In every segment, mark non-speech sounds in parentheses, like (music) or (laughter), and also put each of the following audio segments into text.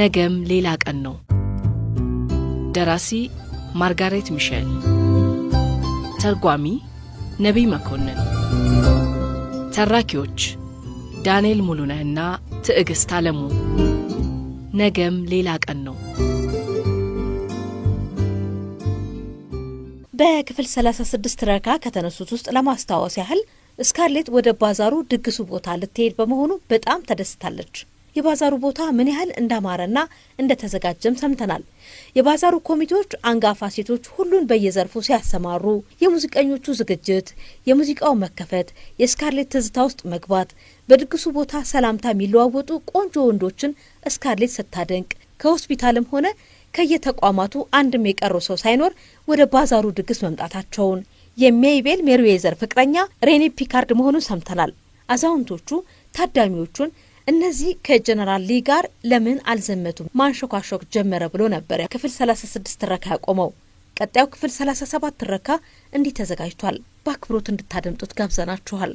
ነገም ሌላ ቀን ነው። ደራሲ ማርጋሬት ሚሸል፣ ተርጓሚ ነቢይ መኮንን፣ ተራኪዎች ዳንኤል ሙሉነህና ትዕግሥት አለሙ። ነገም ሌላ ቀን ነው። በክፍል 36 ረካ ከተነሱት ውስጥ ለማስታወስ ያህል ስካርሌት ወደ ባዛሩ ድግሱ ቦታ ልትሄድ በመሆኑ በጣም ተደስታለች። የባዛሩ ቦታ ምን ያህል እንዳማረና እንደተዘጋጀም ሰምተናል። የባዛሩ ኮሚቴዎች አንጋፋ ሴቶች ሁሉን በየዘርፉ ሲያሰማሩ፣ የሙዚቀኞቹ ዝግጅት፣ የሙዚቃው መከፈት፣ የስካርሌት ትዝታ ውስጥ መግባት፣ በድግሱ ቦታ ሰላምታ የሚለዋወጡ ቆንጆ ወንዶችን እስካርሌት ስታደንቅ ከሆስፒታልም ሆነ ከየተቋማቱ አንድም የቀሩ ሰው ሳይኖር ወደ ባዛሩ ድግስ መምጣታቸውን የሜይቤል ሜሪዌዘር ፍቅረኛ ሬኒ ፒካርድ መሆኑን ሰምተናል። አዛውንቶቹ ታዳሚዎቹን እነዚህ ከጀነራል ሊ ጋር ለምን አልዘመቱም ማንሾካሾክ ጀመረ ብሎ ነበር ክፍል 36 ትረካ ያቆመው። ቀጣዩ ክፍል 37 ትረካ እንዲህ ተዘጋጅቷል። በአክብሮት እንድታደምጡት ጋብዘናችኋል።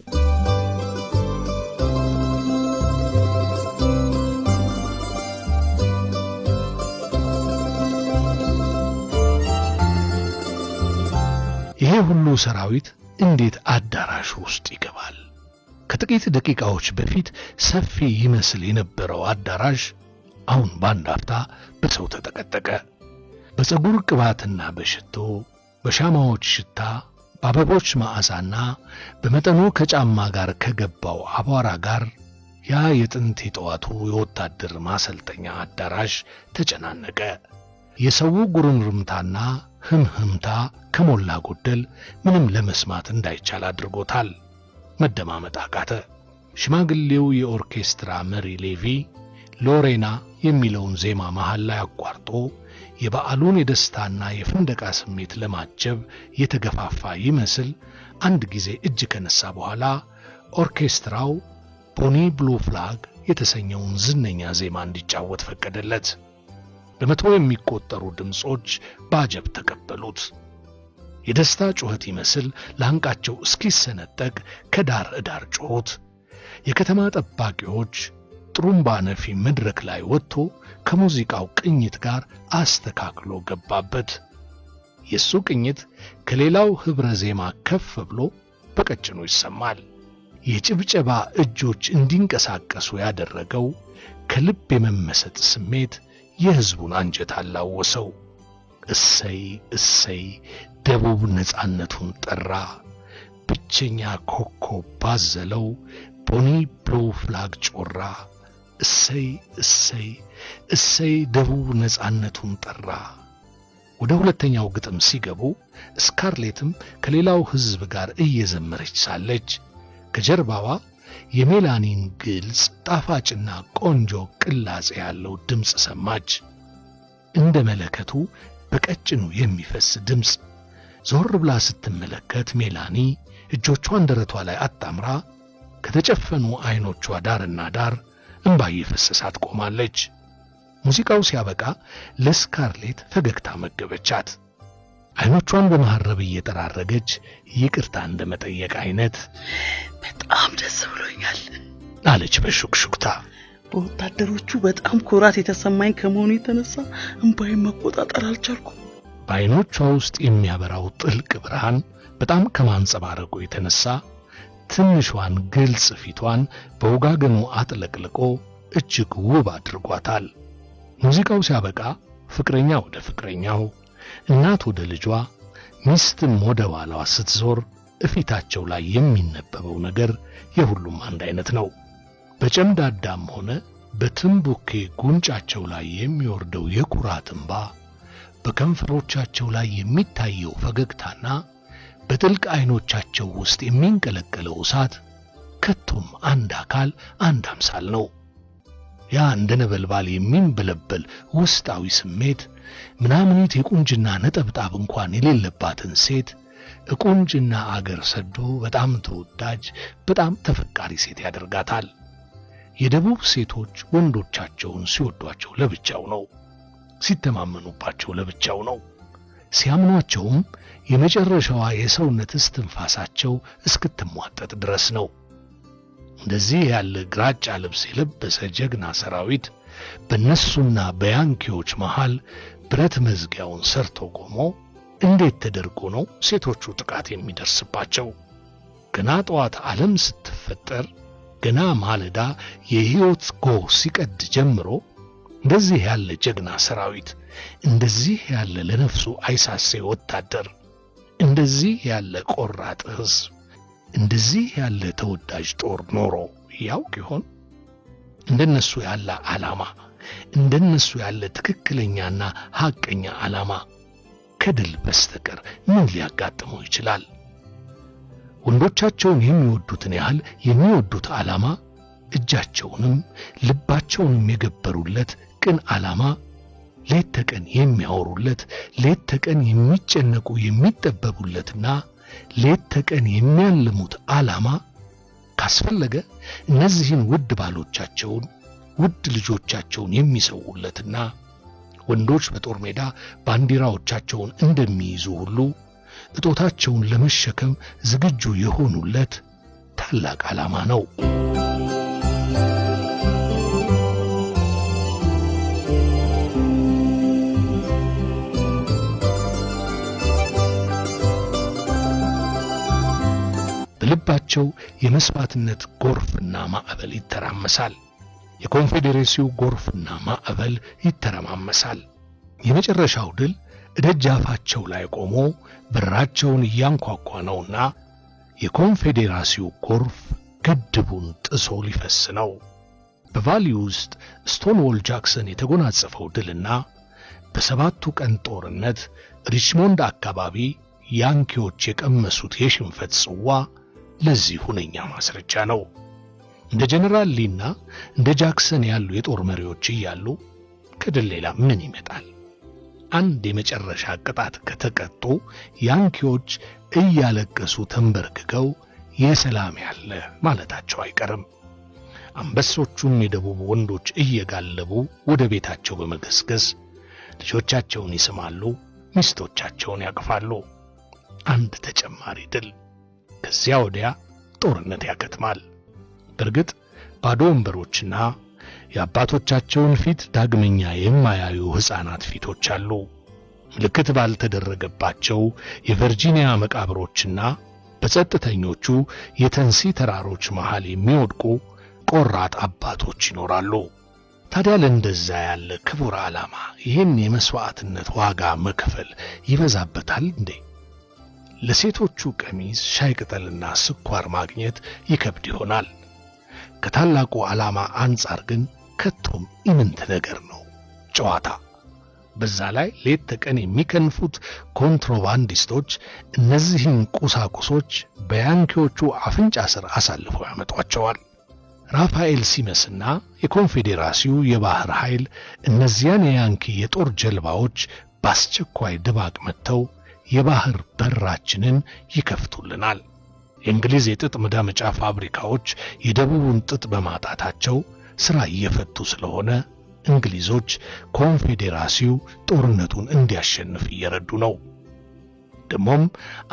ይሄ ሁሉ ሰራዊት እንዴት አዳራሹ ውስጥ ይገባል? ከጥቂት ደቂቃዎች በፊት ሰፊ ይመስል የነበረው አዳራሽ አሁን በአንድ አፍታ በሰው ተጠቀጠቀ። በፀጉር ቅባትና በሽቶ በሻማዎች ሽታ በአበቦች መዓዛና በመጠኑ ከጫማ ጋር ከገባው አቧራ ጋር ያ የጥንት የጠዋቱ የወታደር ማሰልጠኛ አዳራሽ ተጨናነቀ። የሰው ጉርምርምታና ህምህምታ ከሞላ ጎደል ምንም ለመስማት እንዳይቻል አድርጎታል። መደማመጥ አቃተ። ሽማግሌው የኦርኬስትራ መሪ ሌቪ ሎሬና የሚለውን ዜማ መሃል ላይ አቋርጦ የበዓሉን የደስታና የፍንደቃ ስሜት ለማጀብ የተገፋፋ ይመስል አንድ ጊዜ እጅ ከነሳ በኋላ ኦርኬስትራው ቦኒ ብሉ ፍላግ የተሰኘውን ዝነኛ ዜማ እንዲጫወት ፈቀደለት። በመቶ የሚቆጠሩ ድምፆች በአጀብ ተቀበሉት። የደስታ ጩኸት ይመስል ላንቃቸው እስኪሰነጠቅ ከዳር እዳር ጩኸት። የከተማ ጠባቂዎች ጥሩምባ ነፊ መድረክ ላይ ወጥቶ ከሙዚቃው ቅኝት ጋር አስተካክሎ ገባበት። የሱ ቅኝት ከሌላው ኅብረ ዜማ ከፍ ብሎ በቀጭኑ ይሰማል። የጭብጨባ እጆች እንዲንቀሳቀሱ ያደረገው ከልብ የመመሰጥ ስሜት የሕዝቡን አንጀት አላወሰው። እሰይ እሰይ ደቡብ ነፃነቱን ጠራ። ብቸኛ ኮከብ ባዘለው ቦኒ ብሉ ፍላግ ጮራ። እሰይ እሰይ እሰይ ደቡብ ነፃነቱን ጠራ። ወደ ሁለተኛው ግጥም ሲገቡ ስካርሌትም ከሌላው ሕዝብ ጋር እየዘመረች ሳለች ከጀርባዋ የሜላኒን ግልጽ ጣፋጭና ቆንጆ ቅላጼ ያለው ድምፅ ሰማች። እንደ መለከቱ በቀጭኑ የሚፈስ ድምፅ ዞር ብላ ስትመለከት ሜላኒ እጆቿን ደረቷ ላይ አጣምራ ከተጨፈኑ አይኖቿ ዳርና ዳር እንባ እየፈሰሳት ቆማለች። ሙዚቃው ሲያበቃ ለስካርሌት ፈገግታ መገበቻት። አይኖቿን በመሐረብ እየጠራረገች ይቅርታ እንደመጠየቅ አይነት በጣም ደስ ብሎኛል አለች በሹክሹክታ። በወታደሮቹ በጣም ኩራት የተሰማኝ ከመሆኑ የተነሳ እንባይ መቆጣጠር አልቻልኩም። በዓይኖቿ ውስጥ የሚያበራው ጥልቅ ብርሃን በጣም ከማንጸባረቁ የተነሳ ትንሿን ግልጽ ፊቷን በወጋገኑ አጥለቅልቆ እጅግ ውብ አድርጓታል። ሙዚቃው ሲያበቃ ፍቅረኛ ወደ ፍቅረኛው፣ እናት ወደ ልጇ፣ ሚስትም ወደ ባሏ ስትዞር እፊታቸው ላይ የሚነበበው ነገር የሁሉም አንድ አይነት ነው። በጨምዳዳም ሆነ በትምቡኬ ጉንጫቸው ላይ የሚወርደው የኩራት እንባ በከንፈሮቻቸው ላይ የሚታየው ፈገግታና በጥልቅ አይኖቻቸው ውስጥ የሚንቀለቀለው እሳት ከቶም አንድ አካል አንድ አምሳል ነው። ያ እንደ ነበልባል የሚንበለበል ውስጣዊ ስሜት ምናምኒት የቁንጅና ነጠብጣብ እንኳን የሌለባትን ሴት እቁንጅና አገር ሰዶ በጣም ተወዳጅ፣ በጣም ተፈቃሪ ሴት ያደርጋታል። የደቡብ ሴቶች ወንዶቻቸውን ሲወዷቸው ለብቻው ነው። ሲተማመኑባቸው ለብቻው ነው። ሲያምኗቸውም የመጨረሻዋ የሰውነት እስትንፋሳቸው እስክትሟጠጥ ድረስ ነው። እንደዚህ ያለ ግራጫ ልብስ የለበሰ ጀግና ሰራዊት በእነሱና በያንኪዎች መሃል ብረት መዝጊያውን ሰርቶ ቆሞ እንዴት ተደርጎ ነው ሴቶቹ ጥቃት የሚደርስባቸው? ገና ጠዋት ዓለም ስትፈጠር፣ ገና ማለዳ የሕይወት ጎህ ሲቀድ ጀምሮ እንደዚህ ያለ ጀግና ሰራዊት፣ እንደዚህ ያለ ለነፍሱ አይሳሴ ወታደር፣ እንደዚህ ያለ ቆራጥ ሕዝብ፣ እንደዚህ ያለ ተወዳጅ ጦር ኖሮ ያውቅ ይሆን? እንደነሱ ያለ ዓላማ፣ እንደነሱ ያለ ትክክለኛና ሐቀኛ ዓላማ ከድል በስተቀር ምን ሊያጋጥመው ይችላል? ወንዶቻቸውን የሚወዱትን ያህል የሚወዱት ዓላማ እጃቸውንም ልባቸውንም የገበሩለት ቅን ዓላማ ሌት ተቀን የሚያወሩለት ሌት ተቀን የሚጨነቁ የሚጠበቡለትና ሌት ተቀን የሚያልሙት ዓላማ ካስፈለገ እነዚህን ውድ ባሎቻቸውን ውድ ልጆቻቸውን የሚሰውለትና ወንዶች በጦር ሜዳ ባንዲራዎቻቸውን እንደሚይዙ ሁሉ እጦታቸውን ለመሸከም ዝግጁ የሆኑለት ታላቅ ዓላማ ነው። በልባቸው የመስዋዕትነት ጎርፍና ማዕበል ይተራመሳል። የኮንፌዴሬሲው ጎርፍና ማዕበል ይተረማመሳል። የመጨረሻው ድል እደጃፋቸው ላይ ቆሞ በራቸውን እያንኳኳ ነውና የኮንፌዴራሲው ጎርፍ ግድቡን ጥሶ ሊፈስ ነው። በቫሊ ውስጥ ስቶንዎል ጃክሰን የተጎናጸፈው ድልና በሰባቱ ቀን ጦርነት ሪችሞንድ አካባቢ ያንኪዎች የቀመሱት የሽንፈት ጽዋ ለዚህ ሁነኛ ማስረጃ ነው። እንደ ጀነራል ሊና እንደ ጃክሰን ያሉ የጦር መሪዎች እያሉ ከድል ሌላ ምን ይመጣል? አንድ የመጨረሻ ቅጣት ከተቀጡ ያንኪዎች እያለቀሱ ተንበርክከው የሰላም ያለ ማለታቸው አይቀርም። አንበሶቹም የደቡብ ወንዶች እየጋለቡ ወደ ቤታቸው በመገስገስ ልጆቻቸውን ይስማሉ፣ ሚስቶቻቸውን ያቅፋሉ። አንድ ተጨማሪ ድል ከዚያ ወዲያ ጦርነት ያከትማል። በእርግጥ ባዶ ወንበሮችና የአባቶቻቸውን ፊት ዳግመኛ የማያዩ ሕፃናት ፊቶች አሉ። ምልክት ባልተደረገባቸው የቨርጂኒያ መቃብሮችና በጸጥተኞቹ የተንሲ ተራሮች መሃል የሚወድቁ ቆራጥ አባቶች ይኖራሉ። ታዲያ ለእንደዛ ያለ ክቡር ዓላማ ይህን የመሥዋዕትነት ዋጋ መክፈል ይበዛበታል እንዴ? ለሴቶቹ ቀሚስ ሻይ ቅጠልና ስኳር ማግኘት ይከብድ ይሆናል። ከታላቁ ዓላማ አንጻር ግን ከቶም ኢምንት ነገር ነው ጨዋታ። በዛ ላይ ሌት ተቀን የሚከንፉት ኮንትሮባንዲስቶች እነዚህን ቁሳቁሶች በያንኪዎቹ አፍንጫ ስር አሳልፈው ያመጧቸዋል። ራፋኤል ሲመስና የኮንፌዴራሲው የባህር ኃይል እነዚያን የያንኪ የጦር ጀልባዎች በአስቸኳይ ድባቅ መጥተው የባህር በራችንን ይከፍቱልናል። የእንግሊዝ የጥጥ መዳመጫ ፋብሪካዎች የደቡቡን ጥጥ በማጣታቸው ሥራ እየፈቱ ስለሆነ እንግሊዞች ኮንፌዴራሲው ጦርነቱን እንዲያሸንፍ እየረዱ ነው። ደሞም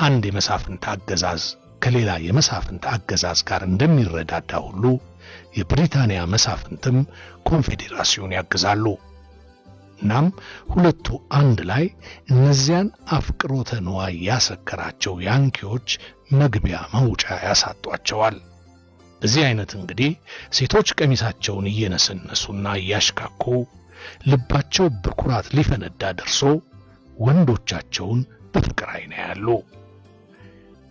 አንድ የመሳፍንት አገዛዝ ከሌላ የመሳፍንት አገዛዝ ጋር እንደሚረዳዳ ሁሉ የብሪታንያ መሳፍንትም ኮንፌዴራሲውን ያግዛሉ። እናም ሁለቱ አንድ ላይ እነዚያን አፍቅሮተ ንዋይ ያሰከራቸው ያንኪዎች መግቢያ መውጫ ያሳጧቸዋል። በዚህ አይነት እንግዲህ ሴቶች ቀሚሳቸውን እየነሰነሱና እያሽካኩ ልባቸው በኩራት ሊፈነዳ ደርሶ ወንዶቻቸውን በፍቅር አይና ያሉ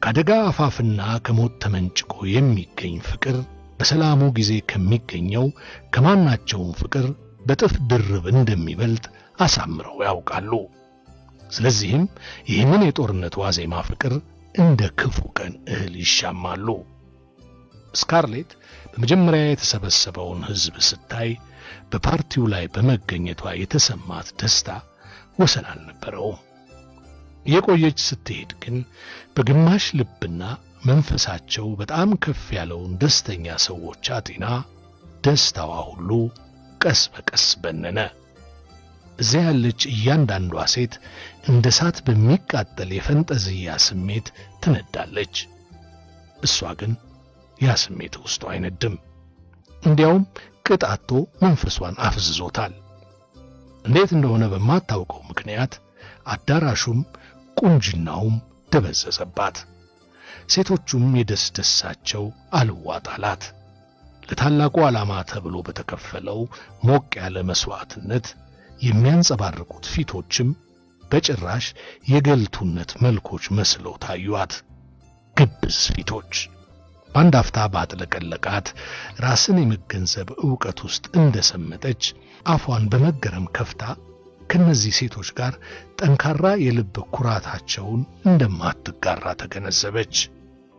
ከአደጋ አፋፍና ከሞት ተመንጭቆ የሚገኝ ፍቅር በሰላሙ ጊዜ ከሚገኘው ከማናቸውም ፍቅር በጥፍ ድርብ እንደሚበልጥ አሳምረው ያውቃሉ። ስለዚህም ይህንን የጦርነት ዋዜማ ፍቅር እንደ ክፉ ቀን እህል ይሻማሉ። ስካርሌት በመጀመሪያ የተሰበሰበውን ሕዝብ ስታይ በፓርቲው ላይ በመገኘቷ የተሰማት ደስታ ወሰን አልነበረውም። የቆየች ስትሄድ ግን በግማሽ ልብና መንፈሳቸው በጣም ከፍ ያለውን ደስተኛ ሰዎች አጤና ደስታዋ ሁሉ ቀስ በቀስ በነነ። እዚያ ያለች እያንዳንዷ ሴት እንደ እሳት በሚቃጠል የፈንጠዝያ ስሜት ትነዳለች። እሷ ግን ያ ስሜት ውስጡ አይነድም። እንዲያውም ቅጣቶ መንፈሷን አፍዝዞታል። እንዴት እንደሆነ በማታውቀው ምክንያት አዳራሹም ቁንጅናውም ደበዘዘባት። ሴቶቹም የደስደሳቸው አልዋጣላት። ለታላቁ ዓላማ ተብሎ በተከፈለው ሞቅ ያለ መስዋዕትነት የሚያንጸባርቁት ፊቶችም በጭራሽ የገልቱነት መልኮች መስለው ታዩአት። ግብዝ ፊቶች በአንድ አፍታ ባጥለቀለቃት ራስን የመገንዘብ ዕውቀት ውስጥ እንደሰመጠች አፏን በመገረም ከፍታ ከነዚህ ሴቶች ጋር ጠንካራ የልብ ኩራታቸውን እንደማትጋራ ተገነዘበች።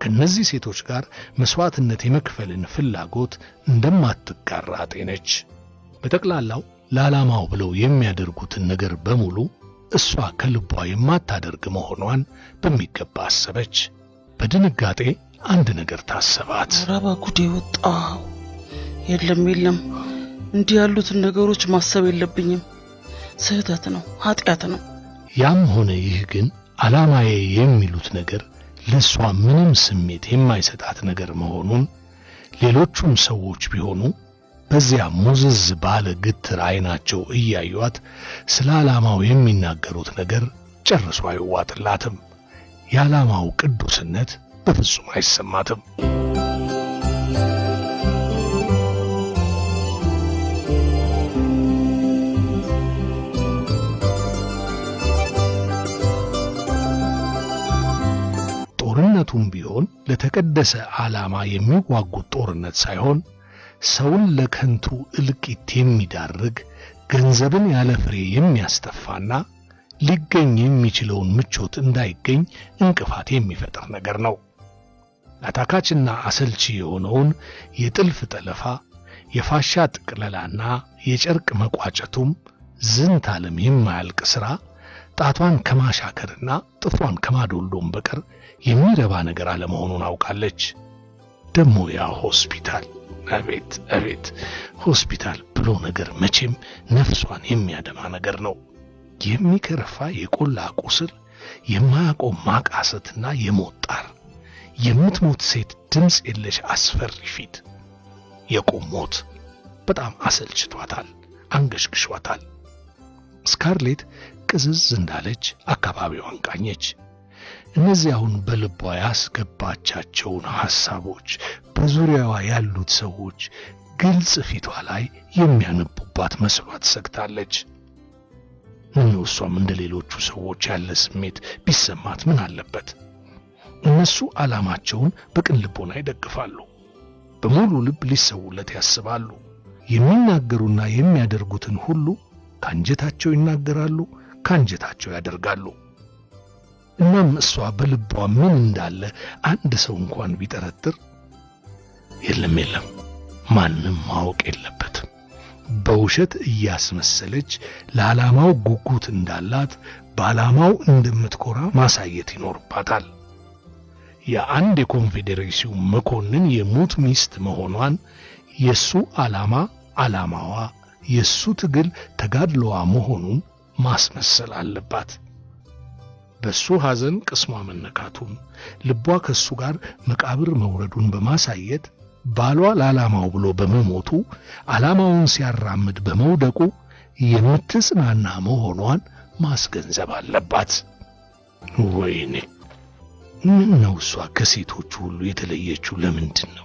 ከእነዚህ ሴቶች ጋር መስዋዕትነት የመክፈልን ፍላጎት እንደማትጋራ አጤነች። በጠቅላላው ለዓላማው ብለው የሚያደርጉትን ነገር በሙሉ እሷ ከልቧ የማታደርግ መሆኗን በሚገባ አሰበች። በድንጋጤ አንድ ነገር ታሰባት። ራባ ጉዴ ወጣ። የለም የለም፣ እንዲህ ያሉትን ነገሮች ማሰብ የለብኝም። ስህተት ነው፣ ኃጢአት ነው። ያም ሆነ ይህ ግን ዓላማዬ የሚሉት ነገር ለእሷ ምንም ስሜት የማይሰጣት ነገር መሆኑን ሌሎቹም ሰዎች ቢሆኑ በዚያ ሙዝዝ ባለ ግትር አይናቸው እያዩአት ስለ ዓላማው የሚናገሩት ነገር ጨርሶ አይዋጥላትም። የዓላማው ቅዱስነት በፍጹም አይሰማትም። ጦርነቱም ቢሆን ለተቀደሰ ዓላማ የሚዋጉት ጦርነት ሳይሆን ሰውን ለከንቱ እልቂት የሚዳርግ ገንዘብን ያለ ፍሬ የሚያስተፋና ሊገኝ የሚችለውን ምቾት እንዳይገኝ እንቅፋት የሚፈጥር ነገር ነው። አታካችና አሰልቺ የሆነውን የጥልፍ ጠለፋ፣ የፋሻ ጥቅለላና የጨርቅ መቋጨቱም ዝንት ዓለም የማያልቅ ሥራ ጣቷን ከማሻከርና ጥፍሯን ከማዶሎም በቀር የሚረባ ነገር አለመሆኑን አውቃለች። ደሞ ያ ሆስፒታል አቤት አቤት! ሆስፒታል ብሎ ነገር መቼም ነፍሷን የሚያደማ ነገር ነው። የሚከረፋ የቆላ ቁስል፣ የማያቆም ማቃሰትና የሞት ጣር፣ የምትሞት ሴት ድምፅ የለሽ አስፈሪ ፊት። የቁም ሞት በጣም አሰልችቷታል፣ አንገሽግሿታል። ስካርሌት ቅዝዝ እንዳለች አካባቢዋን ቃኘች። እነዚያውን በልቧ ያስገባቻቸውን ሐሳቦች በዙሪያዋ ያሉት ሰዎች ግልጽ ፊቷ ላይ የሚያነቡባት መስሏት ሰግታለች። ምነው እሷም እንደ ሌሎቹ ሰዎች ያለ ስሜት ቢሰማት ምን አለበት? እነሱ ዓላማቸውን በቅን ልቦና ይደግፋሉ። በሙሉ ልብ ሊሰውለት ያስባሉ። የሚናገሩና የሚያደርጉትን ሁሉ ከአንጀታቸው ይናገራሉ፣ ከአንጀታቸው ያደርጋሉ። እናም እሷ በልቧ ምን እንዳለ አንድ ሰው እንኳን ቢጠረጥር የለም የለም ማንም ማወቅ የለበትም። በውሸት እያስመሰለች ለዓላማው ጉጉት እንዳላት በዓላማው እንደምትኮራ ማሳየት ይኖርባታል። የአንድ የኮንፌዴሬሲው መኮንን የሙት ሚስት መሆኗን የሱ ዓላማ ዓላማዋ የሱ ትግል ተጋድለዋ መሆኑን ማስመሰል አለባት። በእሱ ሐዘን ቅስሟ መነካቱን ልቧ ከእሱ ጋር መቃብር መውረዱን በማሳየት ባሏ ለዓላማው ብሎ በመሞቱ ዓላማውን ሲያራምድ በመውደቁ የምትጽናና መሆኗን ማስገንዘብ አለባት። ወይኔ ምን ነው እሷ ከሴቶቹ ሁሉ የተለየችው ለምንድን ነው?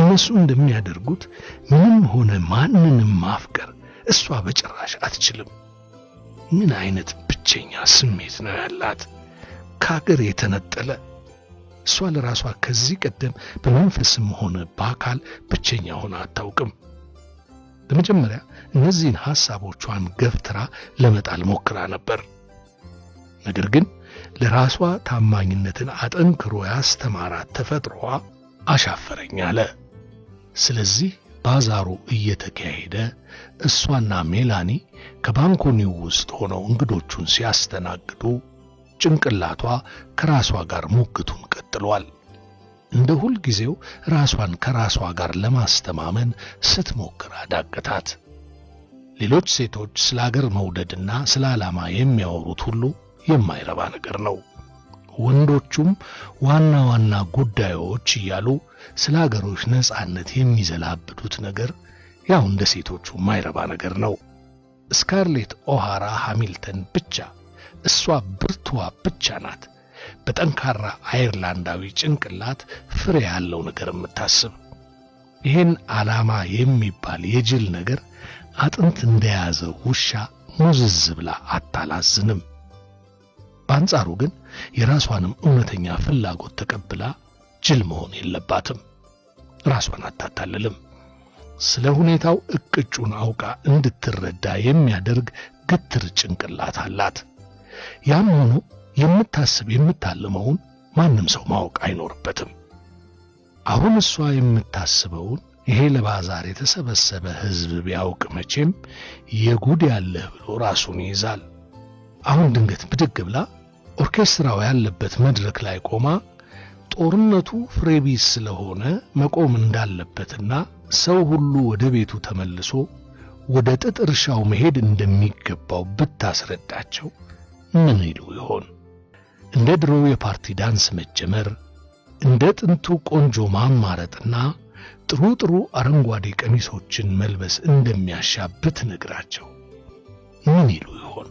እነሱ እንደሚያደርጉት ምንም ሆነ ማንንም ማፍቀር እሷ በጭራሽ አትችልም። ምን አይነት ብቸኛ ስሜት ነው ያላት፣ ከአገር የተነጠለ። እሷ ለራሷ ከዚህ ቀደም በመንፈስም ሆነ በአካል ብቸኛ ሆነ አታውቅም። በመጀመሪያ እነዚህን ሐሳቦቿን ገፍትራ ለመጣል ሞክራ ነበር። ነገር ግን ለራሷ ታማኝነትን አጠንክሮ ያስተማራት ተፈጥሮዋ አሻፈረኝ አለ። ስለዚህ ባዛሩ እየተካሄደ እሷና ሜላኒ ከባንኮኒው ውስጥ ሆነው እንግዶቹን ሲያስተናግዱ ጭንቅላቷ ከራሷ ጋር ሙግቱን ቀጥሏል። እንደ ሁል ጊዜው ራሷን ከራሷ ጋር ለማስተማመን ስትሞክር አዳገታት። ሌሎች ሴቶች ስለ አገር መውደድና ስለ ዓላማ የሚያወሩት ሁሉ የማይረባ ነገር ነው። ወንዶቹም ዋና ዋና ጉዳዮች እያሉ ስለ አገሮች ነጻነት የሚዘላብዱት ነገር ያው እንደ ሴቶቹ ማይረባ ነገር ነው። ስካርሌት ኦሃራ ሃሚልተን ብቻ እሷ ብርቱዋ ብቻ ናት። በጠንካራ አይርላንዳዊ ጭንቅላት ፍሬ ያለው ነገር የምታስብ ይህን ዓላማ የሚባል የጅል ነገር አጥንት እንደያዘ ውሻ ሙዝዝ ብላ አታላዝንም። በአንጻሩ ግን የራሷንም እውነተኛ ፍላጎት ተቀብላ ጅል መሆን የለባትም። ራሷን አታታልልም። ስለ ሁኔታው እቅጩን አውቃ እንድትረዳ የሚያደርግ ግትር ጭንቅላት አላት። ያም ሆኖ የምታስብ የምታልመውን ማንም ሰው ማወቅ አይኖርበትም። አሁን እሷ የምታስበውን ይሄ ለባዛር የተሰበሰበ ሕዝብ ቢያውቅ መቼም የጉድ ያለህ ብሎ ራሱን ይይዛል። አሁን ድንገት ብድግ ብላ ኦርኬስትራው ያለበት መድረክ ላይ ቆማ ጦርነቱ ፍሬቢስ ስለሆነ መቆም እንዳለበትና ሰው ሁሉ ወደ ቤቱ ተመልሶ ወደ ጥጥ እርሻው መሄድ እንደሚገባው ብታስረዳቸው ምን ይሉ ይሆን? እንደ ድሮው የፓርቲ ዳንስ መጀመር፣ እንደ ጥንቱ ቆንጆ ማማረጥና ጥሩ ጥሩ አረንጓዴ ቀሚሶችን መልበስ እንደሚያሻብት ነግራቸው ምን ይሉ ይሆን?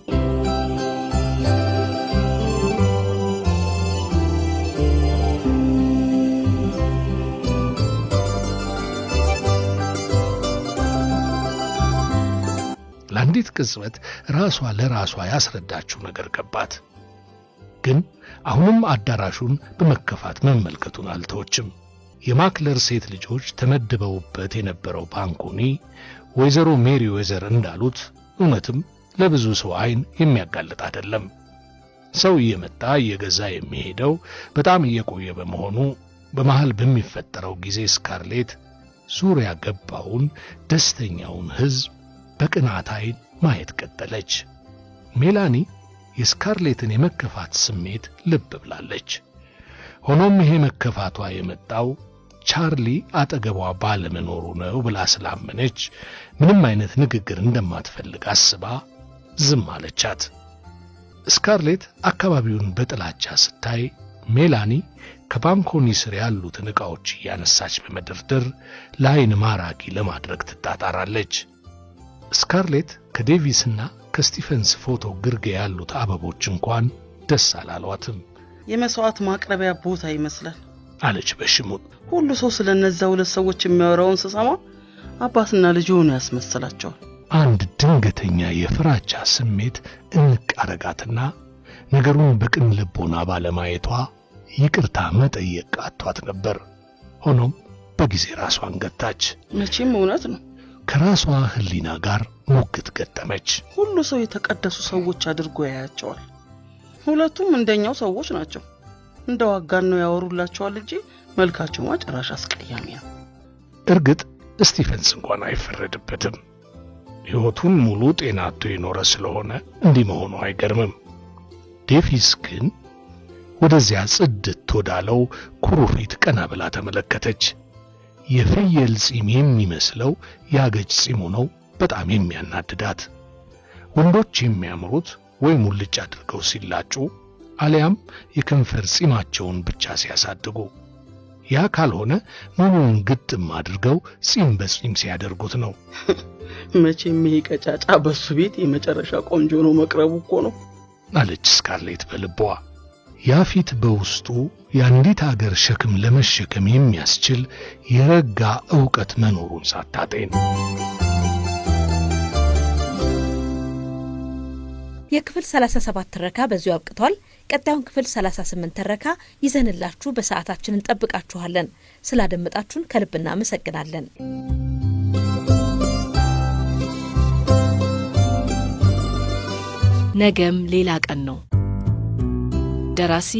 አንዲት ቅጽበት ራሷ ለራሷ ያስረዳችው ነገር ገባት። ግን አሁንም አዳራሹን በመከፋት መመልከቱን አልተወችም። የማክለር ሴት ልጆች ተመድበውበት የነበረው ባንኮኒ ወይዘሮ ሜሪ ወይዘር እንዳሉት እውነትም ለብዙ ሰው ዓይን የሚያጋልጥ አይደለም። ሰው እየመጣ እየገዛ የሚሄደው በጣም እየቆየ በመሆኑ በመሃል በሚፈጠረው ጊዜ ስካርሌት ዙሪያ ገባውን ደስተኛውን ሕዝብ በቅናት ዓይን ማየት ቀጠለች። ሜላኒ የስካርሌትን የመከፋት ስሜት ልብ ብላለች። ሆኖም ይሄ መከፋቷ የመጣው ቻርሊ አጠገቧ ባለመኖሩ ነው ብላ ስላመነች ምንም አይነት ንግግር እንደማትፈልግ አስባ ዝም አለቻት። ስካርሌት አካባቢውን በጥላቻ ስታይ ሜላኒ ከባንኮኒ ስር ያሉትን ዕቃዎች እያነሳች በመደርደር ለአይን ማራኪ ለማድረግ ትጣጣራለች። ስካርሌት ከዴቪስና ከስቲፈንስ ፎቶ ግርጌ ያሉት አበቦች እንኳን ደስ አላሏትም። የመስዋዕት ማቅረቢያ ቦታ ይመስላል አለች በሽሙጥ። ሁሉ ሰው ስለ እነዚያ ሁለት ሰዎች የሚያወራውን ስሰማ አባትና ልጅ ሆኑ ያስመስላቸዋል። አንድ ድንገተኛ የፍራቻ ስሜት እንቃረጋትና ነገሩን በቅን ልቦና ባለማየቷ ይቅርታ መጠየቅ አቷት ነበር። ሆኖም በጊዜ ራሷን ገታች። መቼም እውነት ነው ከራሷ ህሊና ጋር ሙግት ገጠመች። ሁሉ ሰው የተቀደሱ ሰዎች አድርጎ ያያቸዋል። ሁለቱም እንደኛው ሰዎች ናቸው። እንደ ዋጋን ነው ያወሩላቸዋል እንጂ መልካቸው ጭራሽ አስቀያሚ ነው። እርግጥ ስቲፈንስ እንኳን አይፈረድበትም። ሕይወቱን ሙሉ ጤና አጥቶ የኖረ ስለሆነ እንዲህ መሆኑ አይገርምም። ዴፊስ ግን ወደዚያ ጽድት ወዳለው ኩሩፊት ቀና ብላ ተመለከተች። የፍየል ፂም የሚመስለው ያገጭ ፂሙ ነው በጣም የሚያናድዳት። ወንዶች የሚያምሩት ወይ ሙልጭ አድርገው ሲላጩ አሊያም የከንፈር ፂማቸውን ብቻ ሲያሳድጉ፣ ያ ካልሆነ ሙሉውን ግጥም አድርገው ፂም በፂም ሲያደርጉት ነው። (laughs) መቼም ይሄ ቀጫጫ በሱ ቤት የመጨረሻ ቆንጆ ነው መቅረቡ እኮ ነው አለች ስካርሌት በልቧ። ያ ፊት በውስጡ የአንዲት አገር ሸክም ለመሸከም የሚያስችል የረጋ ዕውቀት መኖሩን ሳታጤን የክፍል 37 ትረካ በዚሁ አብቅቷል። ቀጣዩን ክፍል 38 ትረካ ይዘንላችሁ በሰዓታችን እንጠብቃችኋለን። ስላደመጣችሁን ከልብ እናመሰግናለን። ነገም ሌላ ቀን ነው። ደራሲ